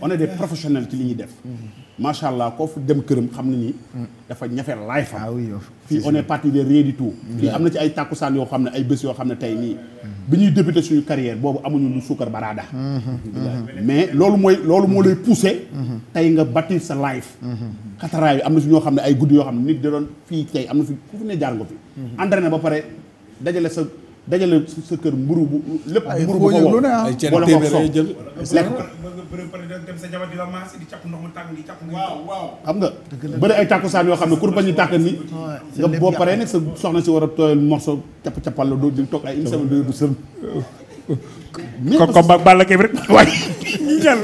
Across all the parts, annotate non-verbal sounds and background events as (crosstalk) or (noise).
on est des professionnels ci li ñuy def. macha allah koo fu dem këram xam na ni. dafa ñafe laay ah fa. Oh, fii on est parti de rien du tout. Mm. am na ci ay tàkkusaan yoo xam ne ay bés yoo xam ne tey nii. Mm. bi ñuy débuté suñu carrière boobu amuñu lu suukar baraada. Mm-hmm. mais loolu mooy loolu moo lay poussé. Mm-hmm. tey nga bâtir sa life. Mm-hmm. xataraay bi am na si ñoo xam ne ay guddi yoo xam ne nit da doon fii tey am na fi ku fi ne jaar nga fi. entraîné ba pare dajale sa. dajale sa kër mburu bu lépp mburu bu ko woo ah. ay ceeb téeméer jël lekk ko xam nga bëri ay tàkkusaan yoo xam ne kur bañu tàkk ni nga boo paree nag sa soxna si war a tooyal morso capp cappal la doo di toog ay une semaine du du sën ko ko ba Balla Gaye rek (laughs) waaye ñu ñal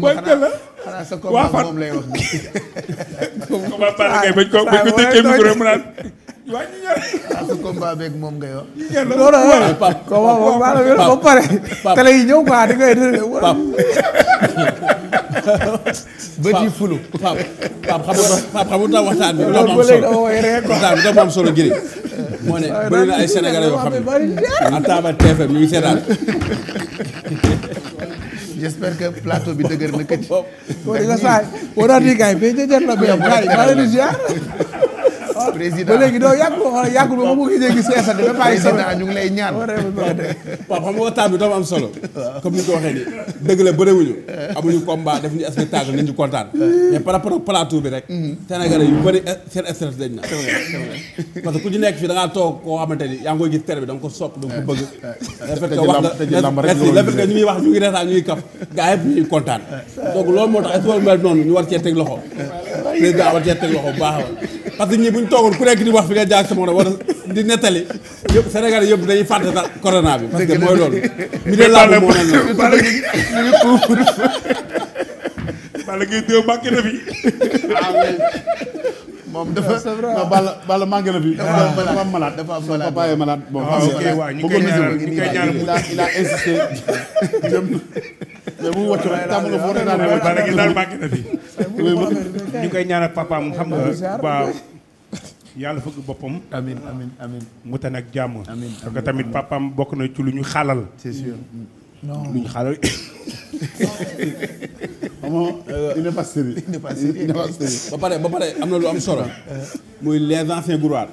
la xanaa sa combat moom lay wax ko (laughs) ba Balla Gaye bañ ko bañ ko tëkkee micro mu naan waa ñu ñëw. su combat beeg moom nga yor. ñu ñëw loolu la yi ñëw quoi di koy bëti fulu. Pape nga waxtaan bi. loolu ba léegi dama koy réer quoi waxtaan bi solo giri moo ne bëri na ay sénégalais yoo xam ne en temps ngi seetaan. j'espère plateau bi dëgër na kët. boo di ko saa boo doon di gaañ ba ca jot la ba yow. bàyyi bàyyi di ziar. président ba léegi doo yàggul wala yàggul ba mu ngi gis stade bi ba président ñu ngi lay ñaan. waaw xam nga waxtaan bi am solo comme ni ko waxee nii dëgg la bëriwuñu amuñu combat defuñu spectacle nañ ñu kontaan mais par rapport bi rek. Mm-hmm. Sénégalais yu bëri eh, seen stress dañ na. parce que ku ci nekk fii da toog koo xamante ni yaa ngi koy gis télé bi da nga ko sopp da ko bëgg. te ji lamb rek loolu la ñu muy wax ñu ngi reetaan ñu ngi kaf gaa yëpp ñuy kontaan donc loolu moo tax est noonu ñu war cee teg loxo président war cee teg loxo bu baax parce que ñi bu ñu ku nekk di wax fi nga jaar sama war a di nettali yëpp Sénégal yëpp dañuy fàtte sax corona bi. parce que mooy loolu. mi de làmb moo ne loolu. Balla Gaye 2 manqué na fi. Ah, moom dafa a il ñu koy ñaanal papaam xam nga waaw. yàlla fëgg boppam. amin amin amin mu tane ak jàmm. amin parce tamit papaam bokk na ci lu ñu xalal. c'est sûr. Euh, ba pare ba pare am na lu am solo euh. muy les anciens gloires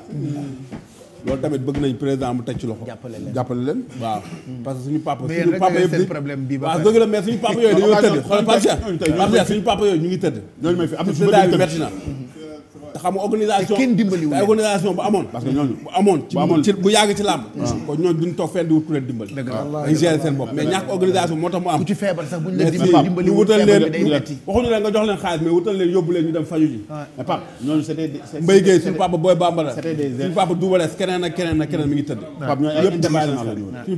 loolu tamit bëgg nañ président mu teg ci loxo. jàppale leen jàppale leen waaw. Hmm. parce que suñu papa suñu papa yëpp di problème bi ba dëgg la mais suñu papa yooyu dañoo tëdd xoolal Pape Cheikh Pape Cheikh suñu yooyu ñu ngi tëdd. ñooñu may fi am na su ma metti na te xam organisation bu amoon. bu amoon. ci bu yàgg ci làmb. Ah. kon ñooñu duñ toog fenn di wut ku leen dimbali. dëgg la seen bopp mais ñàkk nga jox leen xaalis mais wutal leen yóbbu leen ñu dem faju ji. mais Pape ñooñu c'était Mbaye Gueye suñu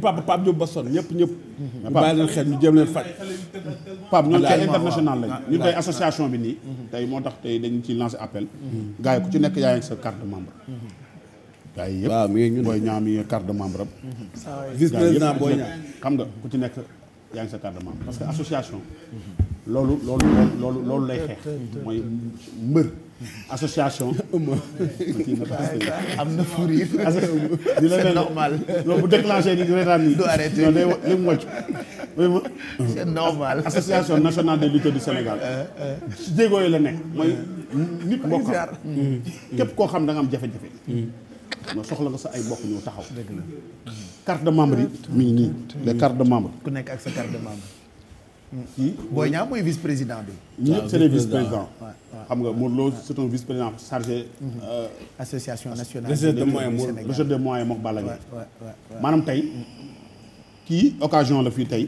papa Boy ba sonn ñëpp ñëpp. ñu bàyyi leen xel ñu jéem leen faj. Pape ñooñu tey international association bi nii tey moo tax tey dañu ci lancer appel mm-hmm. gars yi ku ci nekk yaa ngi sa carte de membre. gars yi yëpp waaw mi ngi booy ñaam yi carte de membre am. vice xam nga ku ci nekk yaa ngi sa carte parce que association. loolu loolu loolu loolu lay xeex. mooy mbër. association. (laughs) (laughs) am na furir. (laughs) c'est normal. bu déclenché nii reetaan nii. du arrêté non day li mu wàcc. c'est normal. association nationale des lutteurs du Sénégal. Euh, euh. ci jéego yi la nekk mooy. nit mbokkam mm. mm. mm. képp koo xam da nga am jafe-jafe. non soxla nga sa ay mbokk ñëw taxaw. dëgg carte de membre yi. mi ngi nii les cartes de nekk ak sa carte de membre. kii Boy Niang mooy vice président bi. ñëpp ah, c'est vice présidents. xam nga Modou loo c'est un vice président chargé. Mm-hmm. Euh, association nationale. recherche de moyens recherche de moyens mook Balla Gaye. maanaam tey kii occasion la fi tey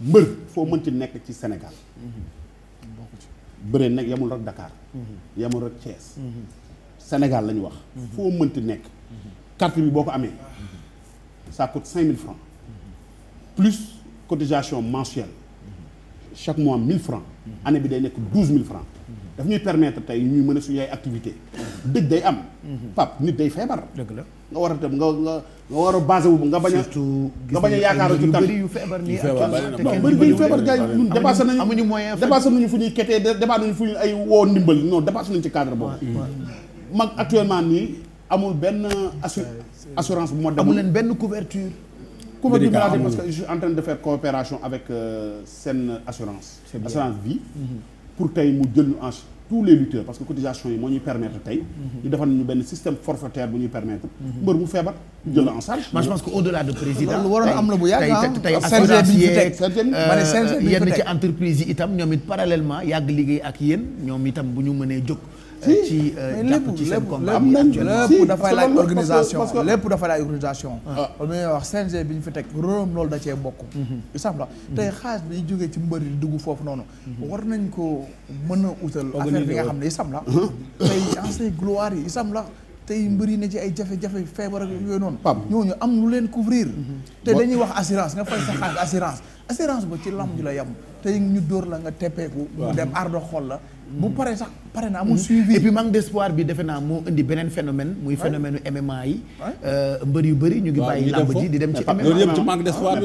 mbër foo mënti nekk ci Sénégal. Mm-hmm. bëree nag yamul rek Dakar. Mm-hmm. yamul rek Thiès. Sénégal lañu wax. foo mënti nekk. carte bi boo ko amee. ça coûte cinq mille francs. plus cotisation mensuelle. chaque mois 1000 francs année bi day nekk 12000 francs daf ñuy permettre tey ñuy mën a suñu ay activité dëj day am pap nit day feebar dëgg la nga war a tam nga nga nga war a basé wu nga bañ a nga bañ a yaakaar ci tam yu feebar nii bëri dañu feebar gars yi ñun dépassé nañu amuñu moyen dépassé nañu fu ñuy ketee dépassé nañu fu ñuy ay woo ndimbal non dépassé nañu ci cadre boobu mag actuellement nii amul benn assurance bu ma demul amul leen benn couverture couverture parce que je en train de faire coopération avec euh, seen assurance assurance vie mhm. pour tey mu jël en tous les lutteurs parce que cotisation yi moo ñuy permettre tey mhm. ñu defal ñu benn système forfaitaire bu ñuy permettre mhm. mbër mu feebar jël en charge moi je au delà de président lu ah. assurance euh, yenn ci entreprise yi itam ñoom it parallèlement yàgg liggéey ak yéen ñoom itam bu ñu mënee jóg ci euh, jàpp ci seen combat am nañ lépp dafay laaj organisation lépp dafay laaj organisation loolu may wax CNG bi ñu fi teg rôlam loolu da cee bokk exemple mhm. mhm. tey xaalis bi ñu jógee ci mbër yi dugg foofu noonu mhm. war nañ ko mën a utal affaire bi nga xam ne sam la tey ancien gloire yi isam la tey mbëri na ci ay jafe-jafe feebar ak yooyu noonu Pape ñooñu am lu leen couvrir mhm. te dañuy wax assurance nga fay sa assurance assurance bo ci lamb ji la yem tey ñu dóor la nga teppeeku mu dem ardo xol la bu mhm. paree sax pare naa amul mhm. suivi et puis manque d'espoir bi defe naa moo indi beneen phénomène muy phénomène MMA yi euh, mbër yu bëri ñu ngi bàyyi lamb ji di dem ci MMA loolu yëpp ci manque d'espoir